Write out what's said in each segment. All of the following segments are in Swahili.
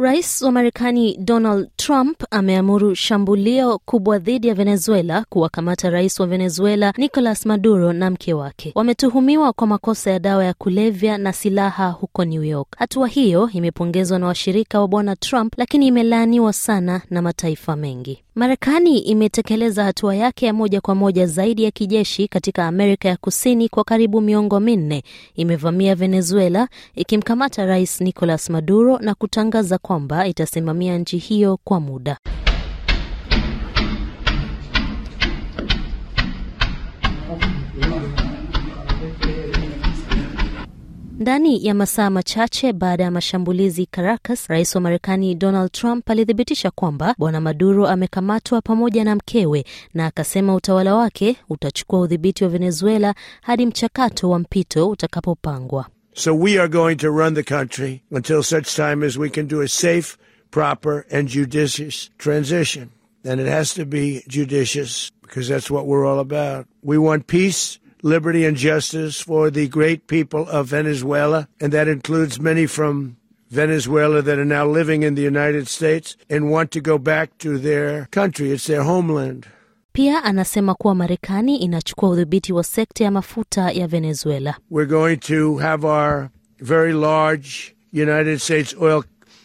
Rais wa Marekani Donald Trump ameamuru shambulio kubwa dhidi ya Venezuela kuwakamata rais wa Venezuela Nicolas Maduro na mke wake. Wametuhumiwa kwa makosa ya dawa ya kulevya na silaha huko New York. Hatua hiyo imepongezwa na washirika wa bwana Trump, lakini imelaaniwa sana na mataifa mengi. Marekani imetekeleza hatua yake ya moja kwa moja zaidi ya kijeshi katika Amerika ya Kusini kwa karibu miongo minne. Imevamia Venezuela, ikimkamata rais Nicolas Maduro na kutangaza kwamba itasimamia nchi hiyo kwa muda. Ndani ya masaa machache baada ya mashambulizi Caracas, rais wa Marekani Donald Trump alithibitisha kwamba bwana Maduro amekamatwa pamoja na mkewe, na akasema utawala wake utachukua udhibiti wa Venezuela hadi mchakato wa mpito utakapopangwa. So we are going to run the country until such time as we can do a safe, proper, and judicious transition. And it has to be judicious because that's what we're all about. We want peace, liberty, and justice for the great people of Venezuela, and that includes many from Venezuela that are now living in the United States and want to go back to their country. It's their homeland. Pia anasema kuwa Marekani inachukua udhibiti wa sekta ya mafuta ya Venezuela. We're going to have our very large United States oil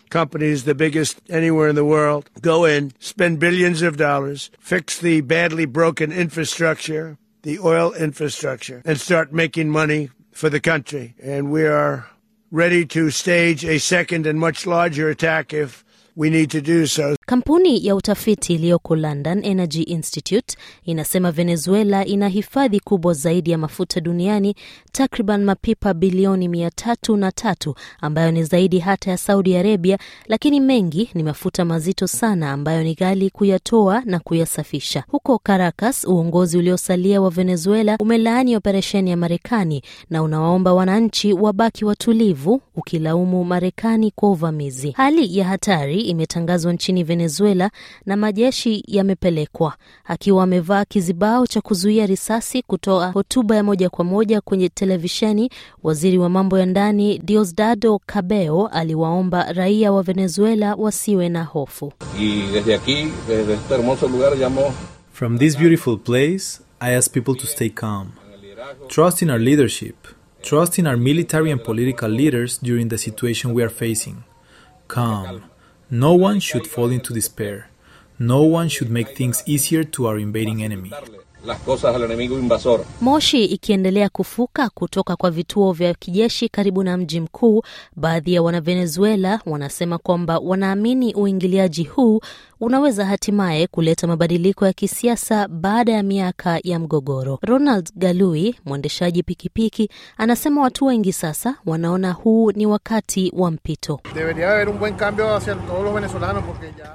companies, the biggest anywhere in the world, go in, spend billions of dollars, fix the badly broken infrastructure, the oil infrastructure, and start making money for the country. And we are ready to stage a second and much larger attack if we need to do so. Kampuni ya utafiti iliyoko London Energy Institute inasema Venezuela ina hifadhi kubwa zaidi ya mafuta duniani, takriban mapipa bilioni mia tatu na tatu ambayo ni zaidi hata ya Saudi Arabia, lakini mengi ni mafuta mazito sana ambayo ni gali kuyatoa na kuyasafisha. Huko Caracas, uongozi uliosalia wa Venezuela umelaani operesheni ya Marekani na unawaomba wananchi wabaki watulivu, ukilaumu Marekani kwa uvamizi. Hali ya hatari imetangazwa nchini Venezuela na majeshi yamepelekwa. Akiwa amevaa kizibao cha kuzuia risasi kutoa hotuba ya moja kwa moja kwenye televisheni, waziri wa mambo ya ndani Diosdado Cabello aliwaomba raia wa Venezuela wasiwe na hofu. From this beautiful place, I ask people to stay calm. Trust in our leadership. Trust in our military and political leaders during the situation we are facing. Calm. No one should fall into despair. No one should make things easier to our invading enemy. las cosas al enemigo invasor. Moshi ikiendelea kufuka kutoka kwa vituo vya kijeshi karibu na mji mkuu, baadhi ya Wanavenezuela wanasema kwamba wanaamini uingiliaji huu unaweza hatimaye kuleta mabadiliko ya kisiasa baada ya miaka ya mgogoro. Ronald Galui, mwendeshaji pikipiki, anasema watu wengi sasa wanaona huu ni wakati wa mpito.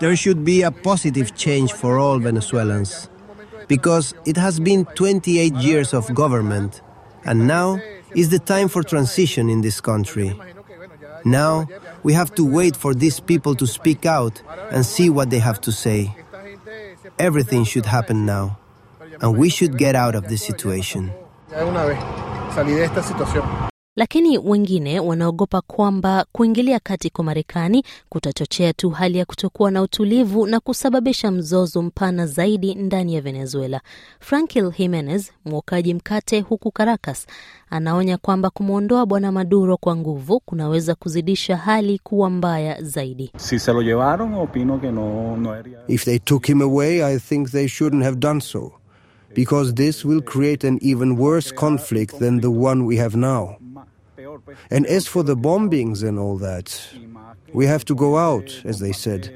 There should be a positive change for all Venezuelans. because it has been 28 years of government, and now is the time for transition in this country. Now we have to wait for these people to speak out and see what they have to say. Everything should happen now, and we should get out of this situation. lakini wengine wanaogopa kwamba kuingilia kati kwa Marekani kutachochea tu hali ya kutokuwa na utulivu na kusababisha mzozo mpana zaidi ndani ya Venezuela. Frankil himenez mwokaji mkate huku Caracas, anaonya kwamba kumwondoa Bwana Maduro kwa nguvu kunaweza kuzidisha hali kuwa mbaya zaidi. Si se lo llevaron, opino que no, no If they took him away, I think they shouldn't have done so because this will create an even worse conflict than the one we have now. And as for the bombings and all that, we have to go out, as they said.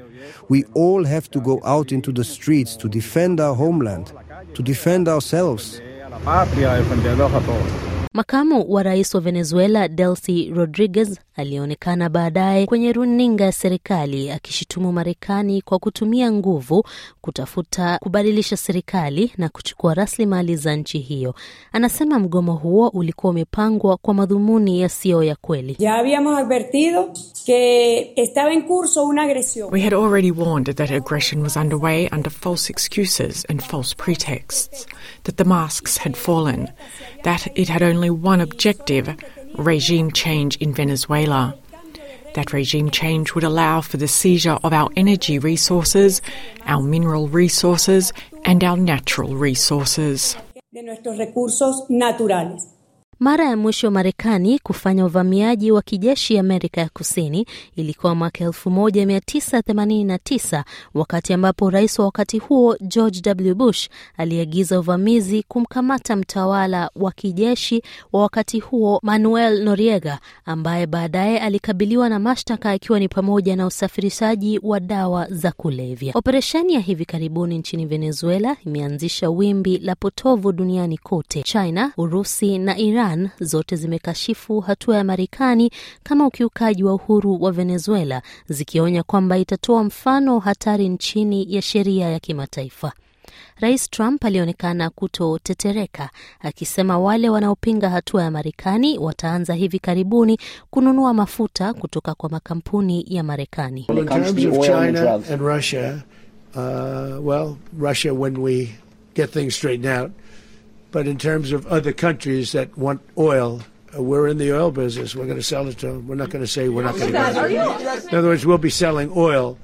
We all have to go out into the streets to defend our homeland, to defend ourselves. Makamu wa rais wa Venezuela Delcy Rodriguez aliyeonekana baadaye kwenye runinga ya serikali akishitumu Marekani kwa kutumia nguvu kutafuta kubadilisha serikali na kuchukua rasilimali za nchi hiyo. Anasema mgomo huo ulikuwa umepangwa kwa madhumuni yasiyo ya kweli. ya habíamos advertido que estaba en curso una agresión. We had already warned that aggression was underway under false excuses and false pretexts, that the masks had fallen, that it had only one objective regime change in Venezuela. That regime change would allow for the seizure of our energy resources, our mineral resources, and our natural resources. Mara ya mwisho Marekani kufanya uvamiaji wa kijeshi Amerika ya Kusini ilikuwa mwaka 1989 wakati ambapo rais wa wakati huo George W. Bush aliagiza uvamizi kumkamata mtawala wa kijeshi wa wakati huo Manuel Noriega ambaye baadaye alikabiliwa na mashtaka ikiwa ni pamoja na usafirishaji wa dawa za kulevya. Operesheni ya hivi karibuni nchini Venezuela imeanzisha wimbi la potovu duniani kote. China, Urusi na Iran Iran zote zimekashifu hatua ya Marekani kama ukiukaji wa uhuru wa Venezuela, zikionya kwamba itatoa mfano hatari nchini ya sheria ya kimataifa. Rais Trump alionekana kutotetereka akisema wale wanaopinga hatua ya Marekani wataanza hivi karibuni kununua mafuta kutoka kwa makampuni ya Marekani. But in terms of other countries that want oil, uh, we're in the oil business. We're going to sell it to them. We're not going to say we're not going to. In other words, we'll be selling oil.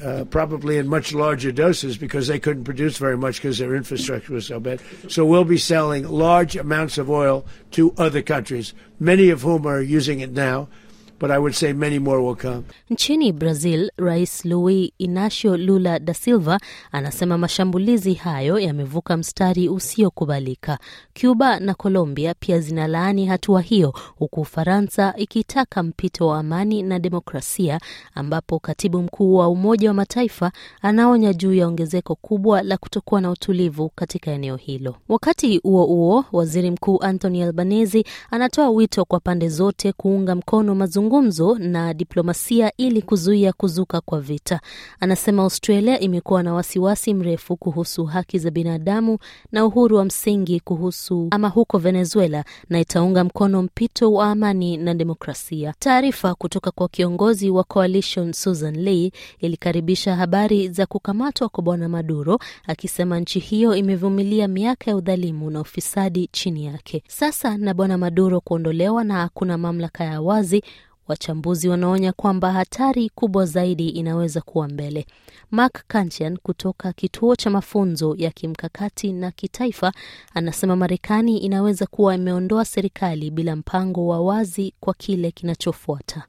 Uh, probably in much larger doses because they couldn't produce very much because their infrastructure was so bad. So we'll be selling large amounts of oil to other countries, many of whom are using it now. But I would say many more will come. Nchini Brazil, Rais louis Inacio Lula da Silva anasema mashambulizi hayo yamevuka mstari usiokubalika. Cuba na Colombia pia zinalaani hatua hiyo, huku Ufaransa ikitaka mpito wa amani na demokrasia, ambapo katibu mkuu wa Umoja wa Mataifa anaonya juu ya ongezeko kubwa la kutokuwa na utulivu katika eneo hilo. Wakati huo huo, waziri mkuu Anthony Albanese anatoa wito kwa pande zote kuunga mkono mazungumzo mazungumzo na diplomasia ili kuzuia kuzuka kwa vita. Anasema Australia imekuwa na wasiwasi mrefu kuhusu haki za binadamu na uhuru wa msingi kuhusu ama huko Venezuela na itaunga mkono mpito wa amani na demokrasia. Taarifa kutoka kwa kiongozi wa Coalition Susan Lee ilikaribisha habari za kukamatwa kwa Bwana Maduro akisema nchi hiyo imevumilia miaka ya udhalimu na ufisadi chini yake. Sasa na Bwana Maduro kuondolewa na hakuna mamlaka ya wazi Wachambuzi wanaonya kwamba hatari kubwa zaidi inaweza kuwa mbele. Mark Kantian kutoka kituo cha mafunzo ya kimkakati na kitaifa anasema Marekani inaweza kuwa imeondoa serikali bila mpango wa wazi kwa kile kinachofuata.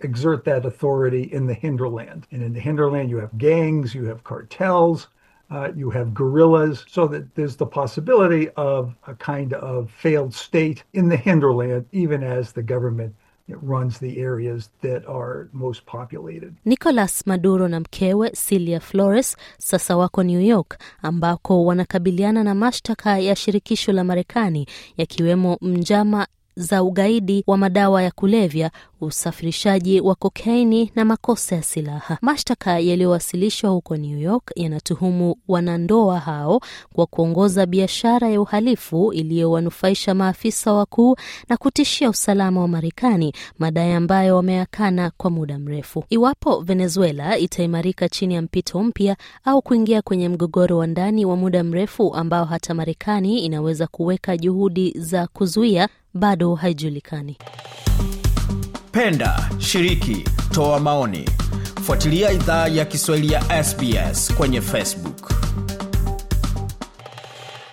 exert that authority in the hinterland. And in the hinterland, you have gangs, you have cartels, uh, you have guerrillas, so that there's the possibility of a kind of failed state in the hinterland, even as the government It runs the areas that are most populated. Nicolas Maduro na mkewe Celia Flores sasa wako New York ambako wanakabiliana na mashtaka ya shirikisho la Marekani yakiwemo mjama za ugaidi wa madawa ya kulevya, usafirishaji wa kokaini na makosa ya silaha. Mashtaka yaliyowasilishwa huko New York yanatuhumu wanandoa hao kwa kuongoza biashara ya uhalifu iliyowanufaisha maafisa wakuu na kutishia usalama wa Marekani, madai ambayo wameakana kwa muda mrefu. Iwapo Venezuela itaimarika chini ya mpito mpya au kuingia kwenye mgogoro wa ndani wa muda mrefu ambao hata Marekani inaweza kuweka juhudi za kuzuia bado haijulikani. Penda, shiriki, toa maoni. Fuatilia idhaa ya Kiswahili ya SBS kwenye Facebook.